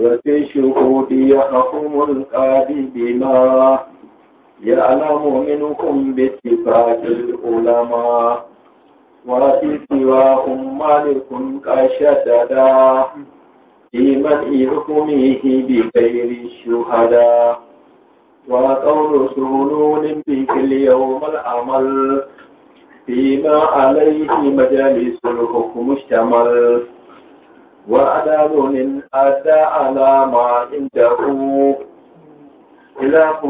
وفي الشهود يحكم القاضي بما يعلم منكم باتفاق العلماء وفي سواهم مالك كشددا في منع حكمه بغير الشهداء وقول سنون بك اليوم العمل فيما عليه مجالس الحكم اشتمل وعدل أتى على ما عنده إلهه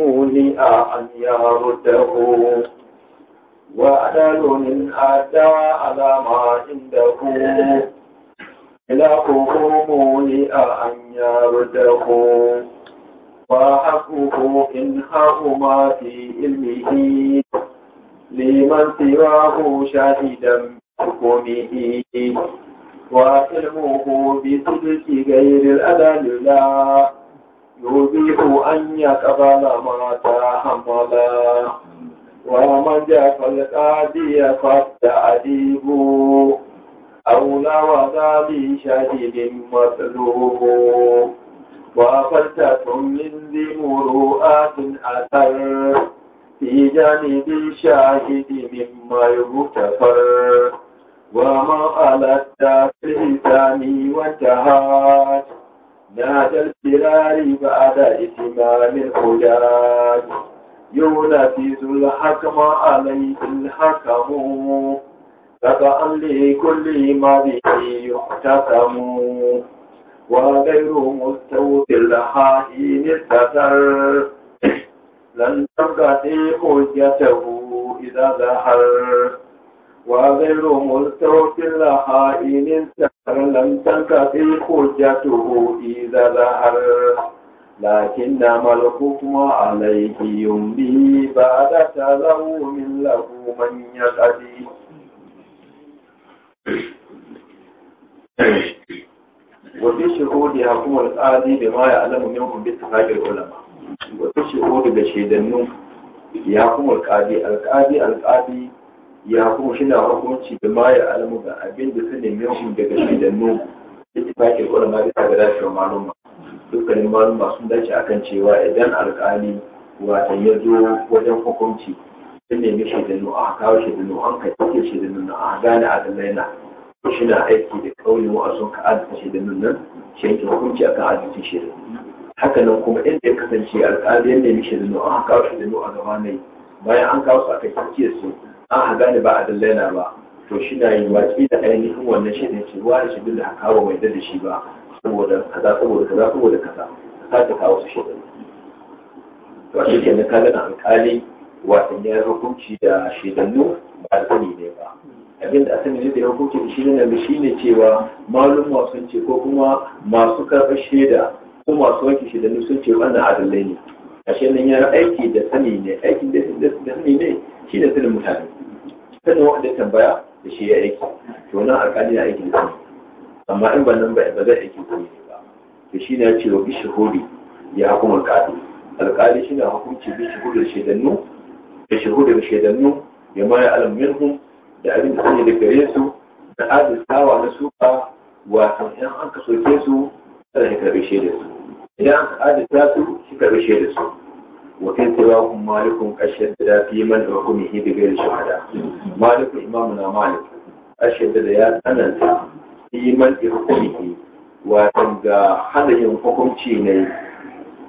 مولئا أن يرده وعدل أتى على ما عنده إلهه مولئا أن يرده وحقه إن ما في علمه لمن سواه شاهدا بحكمه وعلمه بصدق غير الأذى لا يبيح أن يقبل ما تحملا ومن جاف القاضي فاستعذيب أولى وذا بشهيد مطلوب وفتة من ذي مروءات أثر في جانب الشاهد مما يغتفر وما على فهتاني وانتهات نادى الفرار بعد إتمام الحجاج ينفذ الحكم عليه الحكم فكأن لكل ما به يحتكم وغير مستوفي الحائن الستر لن في حجته إذا ظهر وغير مستوف لخائن سهر لم تنتفي حجته إذا ظهر لكنما الحكم عليه يمضي بعد تلوم له من يقضي وفي شهود يحكم القاضي بما يعلم منهم باتفاق العلماء وفي شهود بشهدنهم النوم يحكم القاضي القاضي القاضي ya hukumu shi na hukunci da maye alamu ga abin da su nemi hukum daga shi da nu da ta fake ƙwarar ma bisa ga dacewar maluma dukkanin maluma sun dace akan cewa idan alƙali watan ya zo wajen hukunci sun nemi shi da nu a kawo shi da nu an kai ɗauke shi da nu a gane a zalaina shi na aiki da ƙaunin wa'azun ka azata shi da nu nan shi yanke hukunci akan azata shi da nu haka nan kuma inda ya kasance alƙali ya nemi shi da nu an kawo shi da nu a gaba ne bayan an kawo su a kai sarki su an haga da ba a dallana ba to shi na yi watsi da ainihin wannan shi ne cewa da shi da hakawa mai da shi ba saboda kaza saboda kaza saboda kaza ka ta kawo su shi to shi ke na kalan alƙali wasan ya hukunci da shaidannu ba da sani ne ba abin da asali ne da hukunci da shi ne shi ne cewa malum sun ce ko kuma masu karɓar shaida ko masu wanke shaidannu sun ce wannan adalai ne ashe nan ya aiki da sani ne aikin da sani ne shi ne sanin mutane sanin wanda tambaya da shi ya aiki to nan alƙali na aiki da sani amma in ba nan ba zai aiki ko ne ba to shi ne ya ce wa bishihuri ya hukuma alƙali alƙali shi na hukunci bishihuri da shaidannu da shahuri da shaidannu ya mara alam minhum da abin da sani da gare su da adaltawa na suka wasan yan an kasoke su kada ya karɓi shaidar su idan aka adata su suka rushe da su wa kai kun malikun ƙashin da fi man da hukumi hi da gairi shahada malikun imamu na malik ƙashin da ya tsananta fi man da hukumi hi watan ga halayen hukunci ne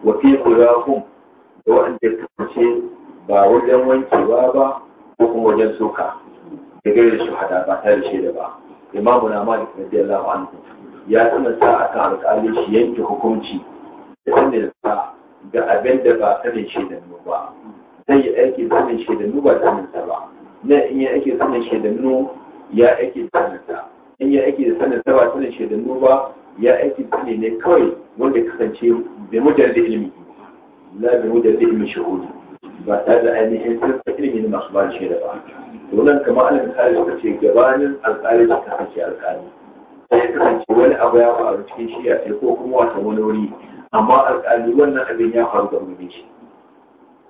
wa kai tsira kun da waɗanda kasance ba wajen wankewa ba ko kuma wajen soka da gairi shahada ba ta tare da ba imamu na malik na radiyallahu anhu ya tsananta kan alƙali shi yanke hukunci sanin sa ga abin da ba sanin shaidannu ba zai yi aiki sanin shaidannu ba sanin sa ba na in yi aiki sanin shaidannu ya aiki sanin sa in yi aiki da sanin sa ba sanin shaidannu ba ya aiki sani ne kawai wanda kasance da mujar da ilimi la da mujar da ilimin shahudi ba tare da ainihin sassa ilimin masu ba shaida ba Wannan kamar alal misali suka ce gabanin alƙali da kasance alƙali sai kasance wani abu ya faru cikin shi ya sai ko kuma wata wani wuri amma alƙali wannan abin ya faru da mu shi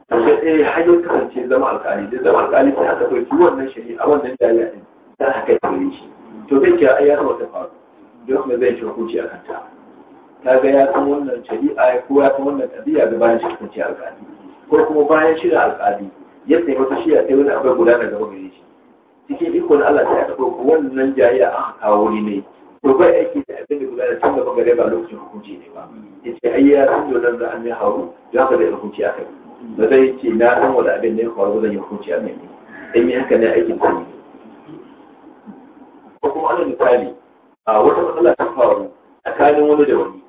sai eh hajjar kasance zama alƙali da zama alƙali sai aka ɗauki wannan shari'a wannan jami'a ɗin ta haka ya kore shi to zai ce ai ya taɓa ta faru don kuma zai ci hukunci a kanta ta ga ya san wannan shari'a ko ya san wannan tabiya da bayan shi kasance alƙali ko kuma bayan shi da alƙali yadda ya wata shi ya sai wani abai guda daga wani shi cikin ikon Allah sai aka ɗauki wannan jami'a aka kawo ne Ko bai aiki da abin da guda da tun da bangare ba lokacin hukunci ne ba ya ce ai ya san yonan da an yi haru ya ka da hukunci a kai. da zai ce na san wani abin da ya faru zan yi hukunci aka yi in yi haka ne aikin ta ne ko kuma ana misali a wata matsala ta faru tsakanin wani da wani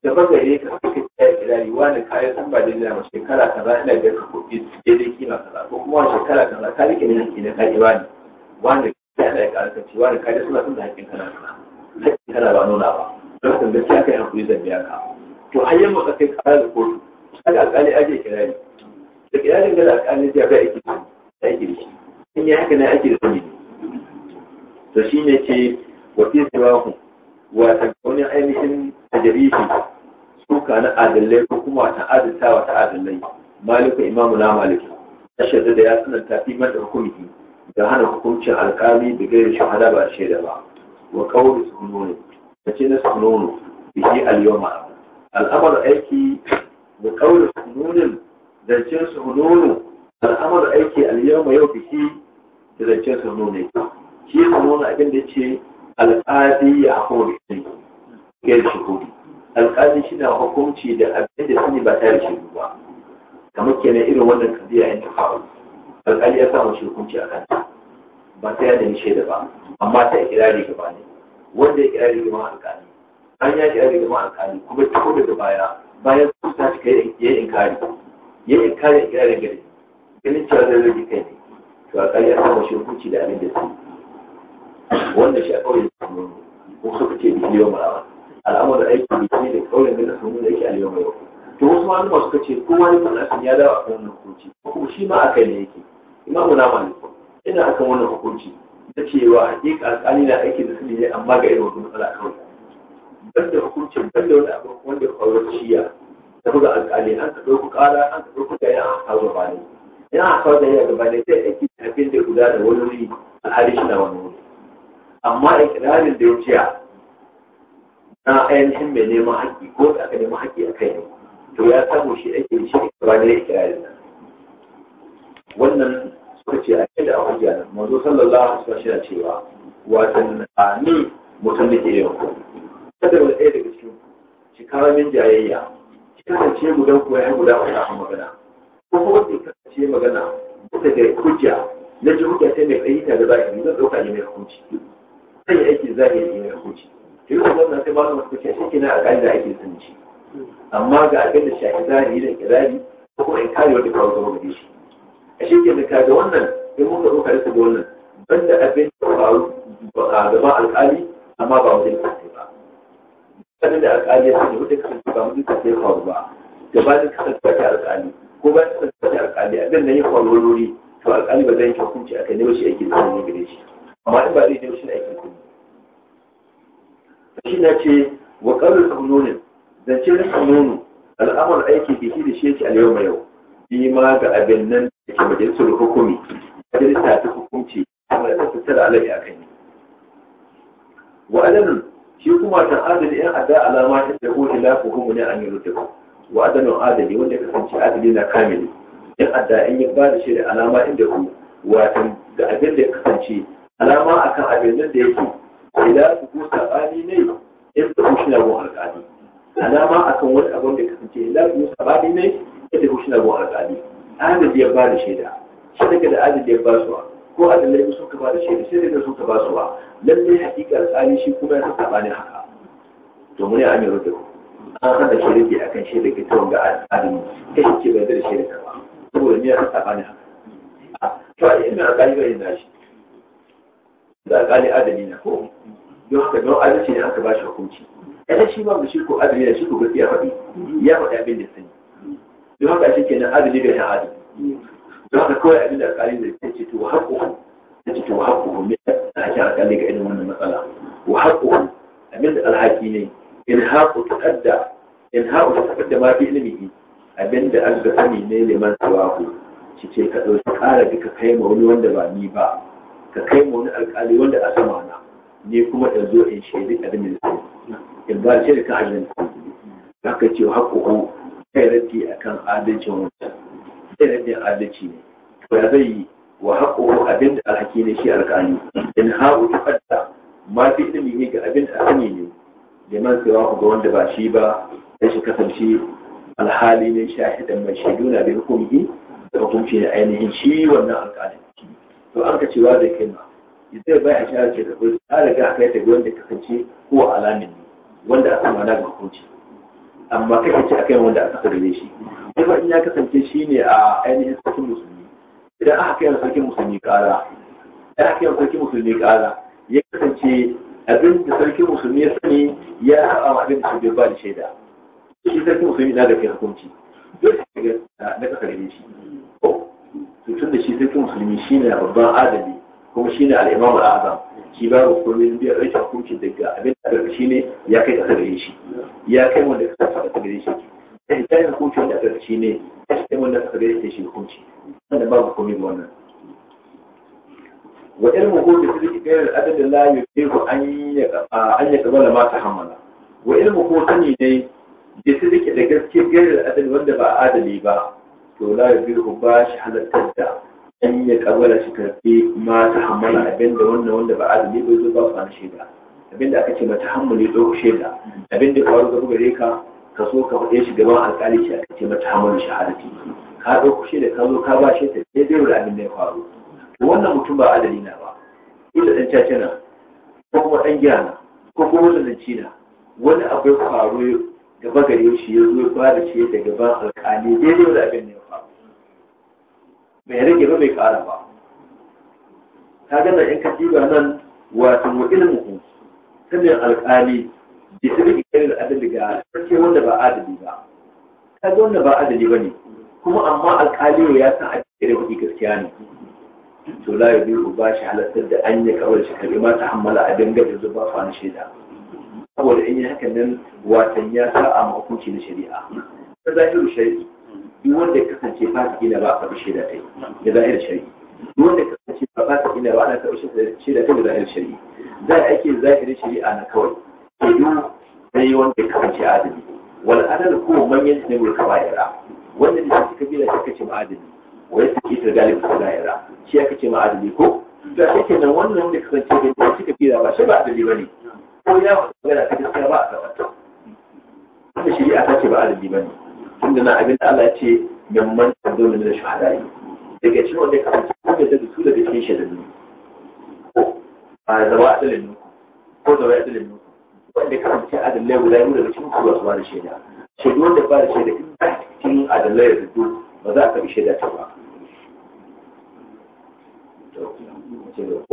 da bangare ka haka ta yi kirari wani kayan san ba daidai na shekara kaza ina biyar ka kuɗi daidai kima kaza ko kuma shekara kaza ka rike ne hakki na kaji wani wani ya da ya ƙarfafa wani kaji suna sun da hakkin kana kaza zai kana ba nuna ba don kan gaskiya kai hakuri zan biya ka to har yamma ka kai kara da kotu kaga alƙali aje kirari da kirarin da alƙali ya bai aiki da aiki da shi in ya haka ne aiki da sani to shi ne ce wa fi siwahu wa tabawunin ainihin tajrifi suka na adalai ko kuma ta adalta ta adalai maliku imamu na maliku ashhadu da ya sananta fi man da hukumi da hana hukuncin alƙali da gairi shahada ba shaida ba wa qawli sununi kace na sununu bihi al-yawma al-amr aiki wa qawli da zancen sununu al-amr aiki al-yawma yau bihi da da zancen sununi shi sununu abin da ce al-qadi ya hukumi kai shi kudi al-qadi shi na hukunci da abin da sani ba tare shi ba kamar kenan irin wannan kadiya in ta faru al-qadi ya samu shi hukunci a kanta ba sai ya nemi shaida ba amma ta ikirari gaba ne wanda ya ikirari gaba alƙali an ya ikirari gaba alƙali kuma ta kuma da baya bayan su ta cika ya yi inkari ya inkari ikirarin gari ganin cewa zai rage kai ne to alƙali ya samu shi hukunci da abin da su wanda shi a kawai da su ko suka ce bi yau marawa al'amuran aiki ne da kauyen da sun da yake a yau marawa to wasu malama suka ce kowa ya faɗa ya dawo a kan hukunci ko shi ma a kai ne yake imamu na maliku ina akan wannan hukunci da cewa hakika alƙali na aiki da sulhi ne amma ga irin wannan matsala kawai ban da hukuncin ban da wani abu wanda ya faru ciya da buga alƙali an ka ɗauki ƙara an ka ɗauki da yan aka kawo gaba ne yan aka da yana gaba ne sai aiki da abin da guda da wani wuri hali shi na wani wuri amma ikirarin da ya ciya na ainihin mai neman haƙƙi ko da aka neman haƙƙi a kai ne to ya samu shi aiki da shi ba ne ikirarin nan wannan suka ce a da hujja nan manzo sallallahu alaihi wasallam yana cewa watan ni mutum da ke yin ku kada wani ɗaya daga cikin ki kawo min jayayya ki kasance gudan ku ya guda wani abu magana ko kuma ki ce magana bisa ga hujja na ji hujja sai mai fahimta da zahiri zan ɗauka ne mai hukunci zan yi aiki zahiri ne mai hukunci to yi wannan sai ba su masu kashe shi ke na a ƙa'ida ake sanci amma ga abin da shafi zahiri da kirari ko kuma in kare wani kawo zama da shi shi ke da kaga wannan in muka ɗauka da da wannan banda abin da faru gaba alƙali amma ba wajen kasance ba sanin da alƙali ya sanya wajen kasance ba wajen kasance ya faru ba gaba da kasance ta alƙali ko ba ta kasance alƙali abin da ya faru wuri to alƙali ba zai yi hukunci a kai ne ba shi aikin sanin ne gare shi amma in ba zai yi shi aikin sanin shi na ce wa ƙarar kunonin zance na kunonu al'amar aiki da shi da shi yake a yau mai yau bi ma ga abin nan da ke majalisar hukumi majalisa ta hukunci Allah ta tattar alai a kan wa adanan shi kuma ta adali yan ada alama ta da hu ila hukumu ne an yi rutuba wa adanan adali wanda kasance adali na kamili yan ada in yi ba da shi da alama inda ku watan ga abin da kasance alama akan abin da yake ila hukumu sabani ne in da shi na gun alƙali alama akan wani abin da kasance ila hukumu sabani ne in da shi na gun alƙali adadi ya ba da shaida daga da adadi ya ba suwa ko adalai sun ka ba da shaida sai daga sun ka ba suwa ba lallai hakika tsari shi kuma ya saba ne haka to mun yi amiru da an a shirki shaida shirki ta wanga adalai kai ce bai da shirki ba saboda ni ya saba ne haka to a yi ina alƙali bai da shi da alƙali adali na ko don haka don adalci ne aka ba shi hukunci kada shi ba shi ko adali ne shi ko gaskiya faɗi ya faɗi abin da sani don haka shi kenan adali bai na adali don haka kawai abin da alƙali zai ta ce to haƙƙuhu ta ce to haƙƙuhu me da haƙƙin alƙali ga irin wannan matsala wa haƙƙuhu abin da alhaki ne in haƙu ta ɗadda in haƙu ta ɗadda ma fi ilimi abin da an ga sani ne liman sawaku shi ce ka ɗauki ƙara duka kai ma wani wanda ba ni ba ka kai ma wani alƙali wanda a sama na ni kuma in zo in shaidi abin da in ba shi da ka hajjin haka ce haƙƙuhu zai raddi a kan adalcin wancan zai raddin adalci ne to ya zai yi wa haƙo abin da alhaki ne shi alƙali in haƙo ta fadda ma fi ilimi ne ga abin da sani ne neman tsayawa ga wanda ba shi ba ya shi kasance alhali ne shahidan mai shaiduna na bin hukunci da hukunci ne ainihin shi wannan alƙali to an ka cewa da kai ma zai bai a shahar ce da kuma ta riga kai ta wanda kasance ko alamin wanda aka mana ga hukunci amma kake ce akai wanda aka sarre shi ba in ya kasance shi ne a ainihin sarkin musulmi idan aka kai sarkin musulmi kara idan aka kai sarkin musulmi kara ya kasance abin da sarkin musulmi ya sani ya haɓa wa abin da su ba da shaida shi sarkin musulmi na da kai hukunci dole ne na ka sarre shi to tun da shi sarkin musulmi shi ne babban adali kuma shi al-imamu al-azam shi ba ku komai biyar rashin hukunci daga abin da shi ne ya kai ta gare shi ya kai wanda ka tafa ta gare shi Ya ta hita yin hukunci wanda shi ne ya shi wanda ka gare shi shi hukunci wanda ba ku komai ba wannan wa ilmu ko da sirri gairar adadin la yuqiru an ya an ya kabala ma ta hamala wa ilmu ko sani ne da sirri da gaskiya gairar adadin wanda ba adali ba to la yuqiru ba shi halartar da an ya shi su karfi ma ta hammala abinda wannan wanda ba azumi bai zo ba su shi ba. abinda aka ce mata hammuli ɗauku shaida abinda ya faru gaba gare ka ka so ka faɗe shi gaban alƙali shi aka ce mata hammuli shahadati ka ɗauku shaida ka zo ka ba shaida daidai da abin da ya faru wannan mutum ba adali na ba ko da ɗan caca na ko kuma ɗan giya na ko kuma wani zanci na wani abu ya faru gaba gare shi ya zo ya ba da shaida gaban alƙali daidai da abin da ya bai rage ba bai ƙara ba Ta gana in katiba nan wato wa ilmuhu sanin alƙali da su bi ikirin adali ga sarki wanda ba adali ba Ta ga wanda ba adali ba ne kuma amma alƙali ya san a cikin kuɗi gaskiya ne to la ku ba shi halattar da an yi kawai shi kabe ma ta hammala a danga da zuba fa na shaida saboda in yi hakan nan watan ya sa a hukunci na shari'a ta zahiru shari'i duk wanda ya kasance fasiki da ba a karɓi shaida ɗaya da zahir shari'i duk wanda ya kasance ba fasiki da ba a karɓi shaida ɗaya da zahir shari'i za a ake zahirin shari'a na kawai sai duk sai wanda ya kasance adali wal adal ko manyan ne wal kaba'ira wanda ne shi kabila shi kace ma adali wai take ta galib kaba'ira shi ya kace ma adali ko da kake nan wannan wanda kasance da shi kabila ba shi ba adali bane ko ya magana ta gaskiya ba a karɓa ta wanda shari'a ta ce ba adali bane tunda na abin da Allah ya ce yamman dole da shahadai daga cikin wanda ya kasance kuma da su daga cikin shaidannu a zaba adalin nuku ko zaba adalin nuku wanda ya kasance adalai guda yau daga cikin kuwa su ba da shaida shaidu wanda ba da shaida in ba cikin adalai da duk ba za ka bi shaida ta ba Thank you.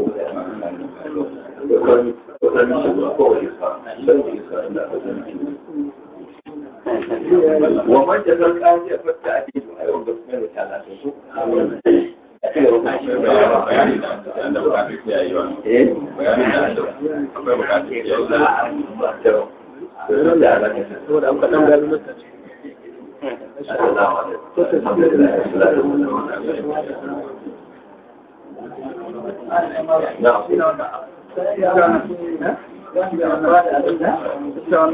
wa man da zan kaji a fatta a cikin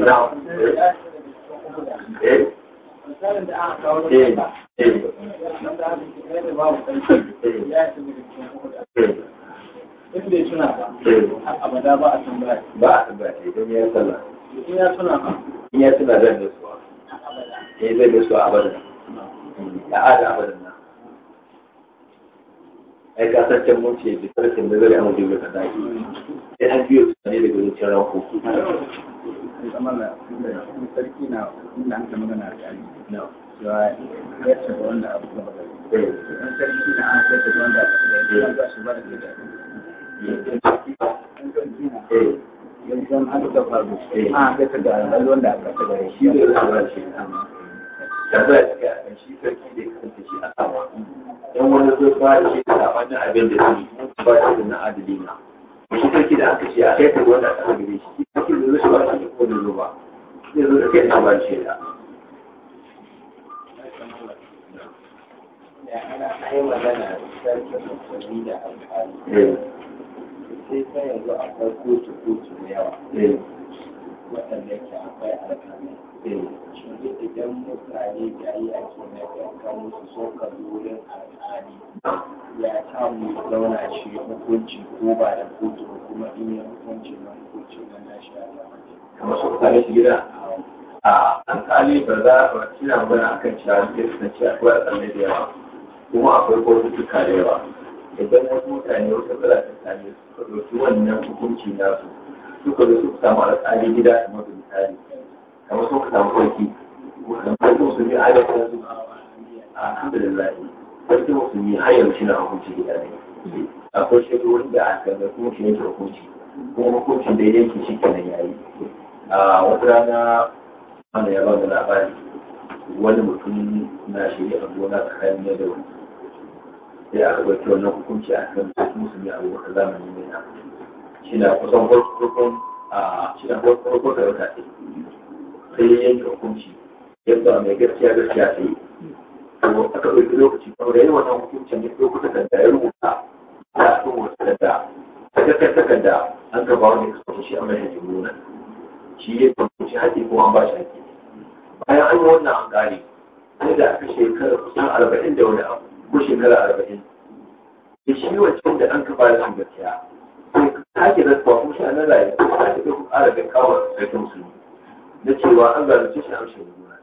a eh eh eh in bai abada ba tambaya ba a tambaya idan ya sallah in ya eh, ya da suwa da ya ada abada na ai ka can mun ce bi tarkin da zai amma dole ka dai sai an biyo tunani daga zuciyar sarki na inda magana da ali cewa ya ce ga wanda abu in sarki na an sai wanda ya ba shi ba da ke da yanzu an faru wanda aka ta shi ne ya ba shi da ba ga shi sarki da kanta shi a sama dan wani zai shi da abin da ba shi da na adalina shi sarki da aka ce a kai ta wanda aka gani shi sarki da zai ba shi ko da ba zai zo da kai na ba shi da ana yi magana sarki musulmi da alƙali eh. sai kotu da yawa eh. waɗanda ke akwai alƙalai shi idan mutane yi ke na kankan musu so ka wurin alƙali ya ta mu zauna shi hukunci ko ba da kotu kuma in ya hukunci na hukunci na nashi kamar su kare gida a alƙali ba za a kira magana akan cewa ya kasance akwai alƙalai da yawa kuma akwai kotu da yawa idan wasu mutane wasu kala ta same su ka ɗauki wannan hukunci nasu suka da suka samu alƙali gida kamar da misali kamar sun ka samu sarki sarki musulmi a yau kan su alhamdulillah sarki musulmi har yanzu na hukunci gida ne akwai shekaru da a kan kuma shi yake hukunci kuma hukuncin da yake shi kenan ya yi. a wata rana wanda ya ba da labari wani mutum na shirya a gona tsakanin ya da wani sai aka ɗauki wannan hukunci a kan musulmi abubakar zamani mai na shi na kusan farkon a shi na da wata ce sai ya yanke hukunci yadda mai gaskiya gaskiya ce a aka da lokaci kuma da yawan hukuncin ya ɗauki da ya rubuta a cikin wata takarda ta takarda an gaba wani kasuwa shi an mai hajji nuna shi ya kwanci haƙi ko an ba shi haƙi bayan an yi wannan an gane sai da aka shekara kusan arba'in da wani abu ko shekara arba'in da shi wancan da an ka ba da gaskiya take da kuwa kuma sha nan rayu take da kuma ara bin kawar sarkin musulmi na cewa an zalunce cikin amshin gona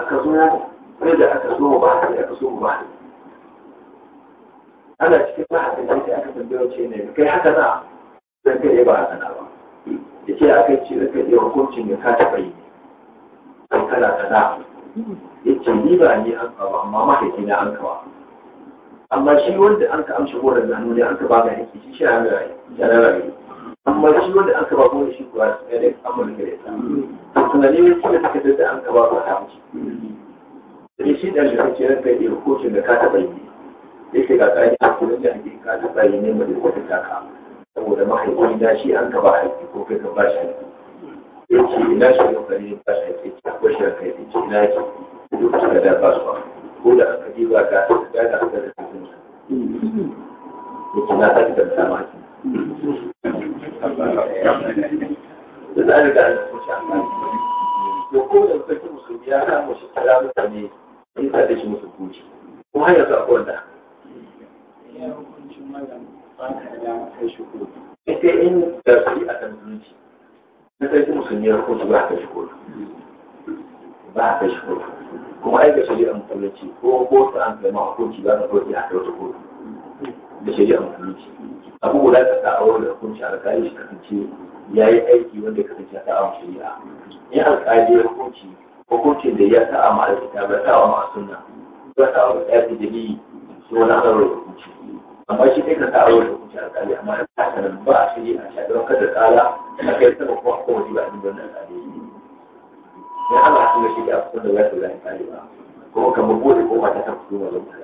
aka zo sai da aka so ba haka aka so ba ana cikin mahaifin sai aka tambaye ce ne kai haka na zan kai ba haka na ba yace a kai ce zan kai hukuncin da ka taɓa yi kai kana kaza yace ni ba ni an kawo amma mahaifina an kawo amma shi wanda an ka amshi goron da hannu ne an ka ba ga yake shi shi na rayu amma shi wanda an ka ba goron shi kuwa su ne amma da gare ta tunani ne kuma ta kasar da an ka ba ba ta amshi da shi da shi da kai yi hukuncin da ka taɓa yi yake ga tsari a kullum da ake ka ta bayyi ne mai da ta ka saboda mahaifin da shi an ka ba haƙƙi ko kai ka ba shi haƙƙi yake ina shi kokari ba shi haƙƙi ko shi haƙƙi ina ki duk da ba su ko da aka ji ba ga da aka da yake na sake tabbata ma ki da za a riga da kuce a kan to ko da sarki musulmi ya samu shi kala mutane in ka shi musu kuce kuma har yanzu akwai wanda ita in da su a kan zuci na sarki musulmi shi kuma aika shari'a musulunci ko ko ta an kai ma hukunci za ka zo ya ta wata da shari'a musulunci Abubuwa guda ka sa aure da hukunci alƙali shi kasance ya yi aiki wanda ya kasance ta awon shari'a in alƙali ya hukunci hukuncin da ya sa a ma'aikata ba sa wa masu nan ba sa wa ɗafi da yi su wani aure da hukunci amma shi kai ka sa aure da hukunci alƙali amma da ta nan ba a shari'a shi a ɗaukar kada tsala a kai ta sama kuma a kowace ba a cikin wannan alƙali ya hana su da shi da a kusa da ya su da alƙali ba kuma kamar gode ko ba ta kan su ma zama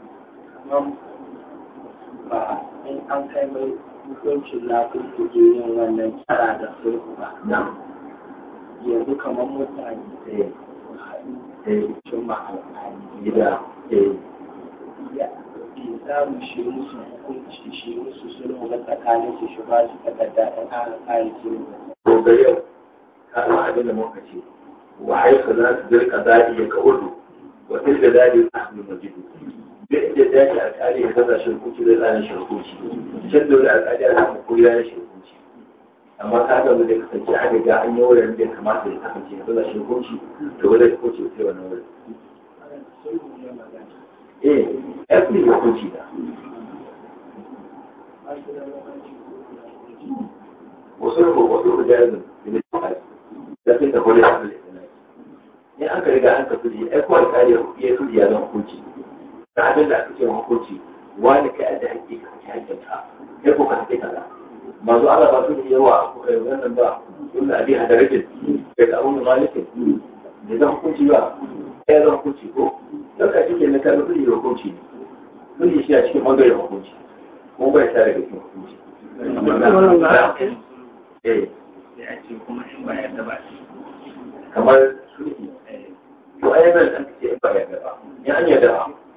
ba in an kai mai hukuncin na kuke yin wannan kira da sulhu ba yanzu kamar mutane da ya haɗu da ma'alƙali gida ya samu shi hukunci shi sulhu na tsakanin shi ba su takarda ta ƙara ƙari sulhu. yau, ka ma abin da muka ce, wa haifu za su jirka zaɗi ya udu, wa tilda zaɗi ya ka hannun majidu. yadda da shi alƙali ya kasa shirkuci zai tsara shirkuci can dole alƙali ya samu ko ya shirkuci amma ka ga da kasance a riga an yi wurin da kamata ya kasance ya kasa shirkuci to wanda ya kuce sai wannan wurin eh ɗan ya kuce da wasu wasu da jazin da ne da sai ta kore da ne an ka riga an ka tuji ai ko alƙali ya tuji ya zama hukunci ta abin da aka ce wa hukunci wani kai da hakki ka kace hakkin ka kai ko ka kace kaza mazu Allah ba su da yawa wannan ba wannan abin hadarakin kai da abun malikin da zan hukunci ba kai zan hukunci ko lokaci ke na kalli kuli hukunci kuli shi a cikin bangaren hukunci ko bai ta daga cikin hukunci eh kamar sulhi to ayyana da ake ba ya gaba ya an yadda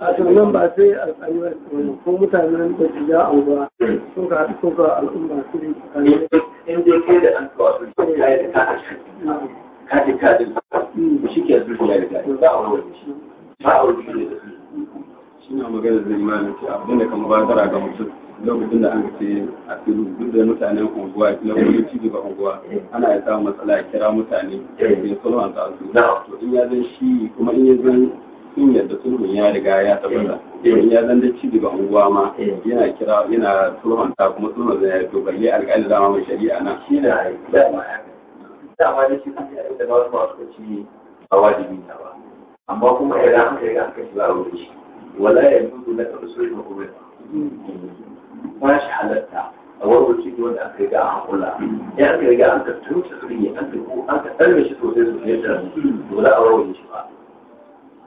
a nan ba sai alƙali ba ko mutanen da su ja anguwa ko ka ko ka al'umma su ne in dai ke da an kawo su kai da ka ka ji ka ji mm. shi ke zuciya da ka ba a wani shi ba a wani shi da su. shi na magana da imanin ce kama ka mubazara ga mutum lokacin da an ce a filu duk da mutanen unguwa na wani ci ba unguwa ana ya samun matsala kira mutane da sulhu an ta to in ya zan shi kuma in ya zan sun yadda sulhun ya riga ya tabbata in ya zan da ci daga unguwa ma yana kira yana sulhun ta kuma sulhun zai ya to balle alƙali dama mai shari'a na shi da dama dama da shi da na wasu masu ci ba wajibi na ba amma kuma idan an kai ga aka shiga wuri wuce wala ya da na ƙarfi sulhun kuma ba shi halatta a warwarci ne wanda aka ga an kula ya kai ga an ka tunce sulhi an ka an ka tsarbe shi sosai sosai da to za a warware shi ba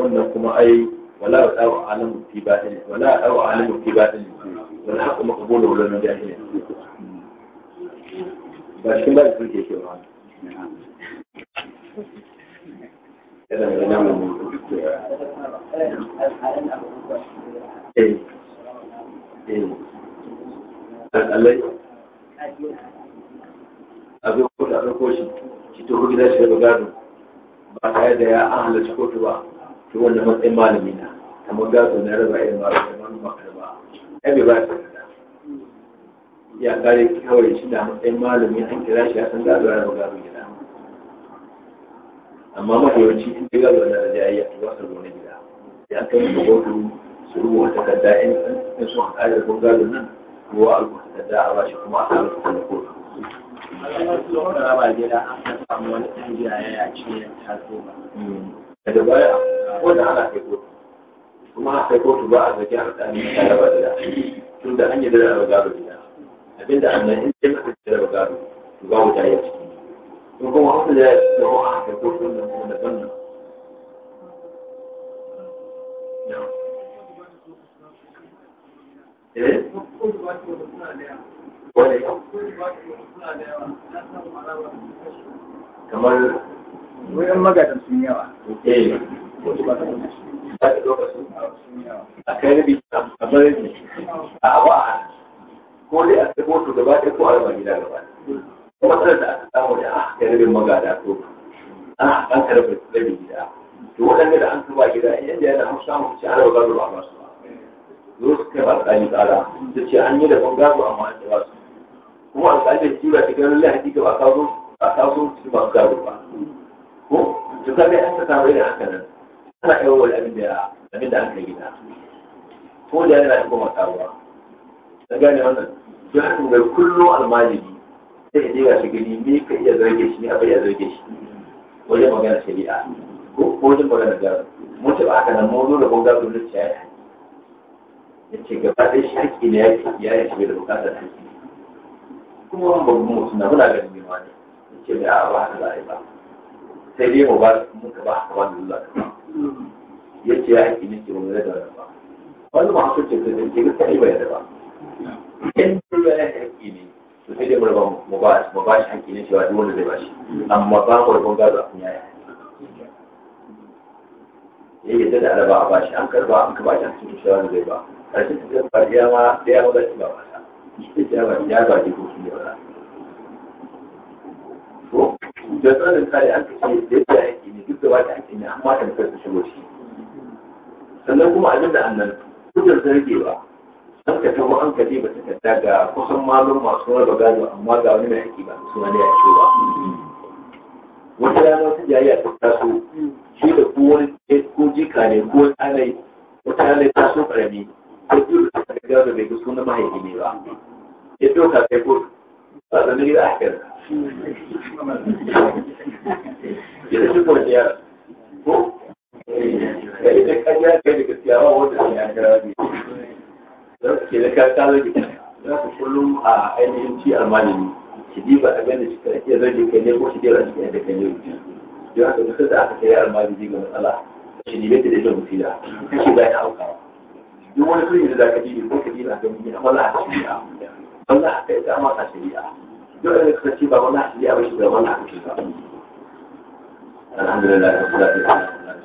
wannan kuma ai wala dawo alamu fi batin wala dawo alamu fi batin wala haqqu maqbulu wala jahili ba shi ba su ke cewa yana da yi. eh eh alai abin ko da ko shi ki to gida shi da gado ba tare da ya an halarci kotu ba ki wanda matsayin malami na kamar gado na raba irin ba da wani makarba ai bai ba ta da ya kare kawai shi da matsayin malami an kira shi ya san gado ya raba gado gida amma yawanci in ji gado na raja ya yi wasa gona gida ya kai da gwamnati su rubuta takarda in sun kare da gado nan ruwa a ta takarda a bashi kuma a samu takarda kotu a lokacin da raba gida an samu wani ɗan gida ya yace ya taso ba hmm. daga baya wannan ana kai kotu kuma kai kotu ba a zaki alƙali ta raba da da tun da an yi da raba gado da abinda annan in ce aka da raba gado to ba mu tare ciki to kuma wasu da ya tsawo a kai kotu wannan kuma da wannan Eh? Wani? Kamar wurin magadan sun yawa a kai rabi a bari ne a awa ko dai a sako to gaba ɗaya ko a raba gida gaba matsalar da aka samu da a kai rabin magada ko a an ka rabe rabin gida to waɗanda da an kaba gida in yadda yana hausa mu ci ana gado ba masu ba zo su kai alƙali tsara da ce an yi da ban gado amma an ba su kuma alƙali da kiwa ta ganin lahadi ga ba kawo ba kawo su ba su gado ba ko to kaga an ta samu irin haka nan ana wa abin da abin da aka gida ko da yana da kuma karuwa da gane wannan don haka ga kullu almajiri sai ya je ga gani me ka iya zarge shi ne abin ya zarge shi wajen magana shari'a ko wajen magana da mun ba haka nan mun zo da gonga da wani ciyayi ya ce gaba ɗaya shi haƙƙi ne ya yi shi da buƙatar haƙƙi kuma wani babban mutum na muna ganin girma ne ya ce bai a ba haka za a yi ba sai dai mubarak muka ba haka wani lullu ya ce ya haƙi miki mun da wannan ba wani ma su ce ta da ke gaskiya ba yadda ba in dole ya haƙi ne su sai dai mu ba mu mu ba shi haƙi ne cewa duk wanda zai ba shi amma ba mu rabon gado a kun yaya ya yi da araba a shi an karba an kaba shi an cikin shawar zai ba ƙarshen ta zai ba ya ma da ya ma ba shi ba ba ta ya ba ya ba ji ko shi ne ba ko da tsarin tsari an kace da yadda ake ne duk da wata ake ne amma da kai shi shigo shi sannan kuma abin da annan kudin zargewa an ka taho an ka ba takarda ga kusan malum masu raba gado amma ga wani mai haƙi ba su wani ya ce ba wata rana wata jayayya ta taso shi da ko ko jika ne ko wani wata alai ta so karami ko duk da ta gado bai ga sunan mahaifi ne ba ya ɗauka kai ko ba zama gida a kyarta ya shi ko ya ko da ita kai da gaskiya ba wanda ne ya kira ne don ke da ka zage za ku kullum a ainihin ci almalimi ki diba abin da kika iya zage kai ne ko ki dira shi da kai ne don haka duk da aka kai almalimi ga matsala shi ne da ita da kashi ba ta auka duk wani sirri da zaka dibi ko ka diba ga mun yi amala a shari'a Allah ka yi ta amala a shari'a dole suka ci ba wani haɗi ya bashi da wani haɗi ba alhamdulillah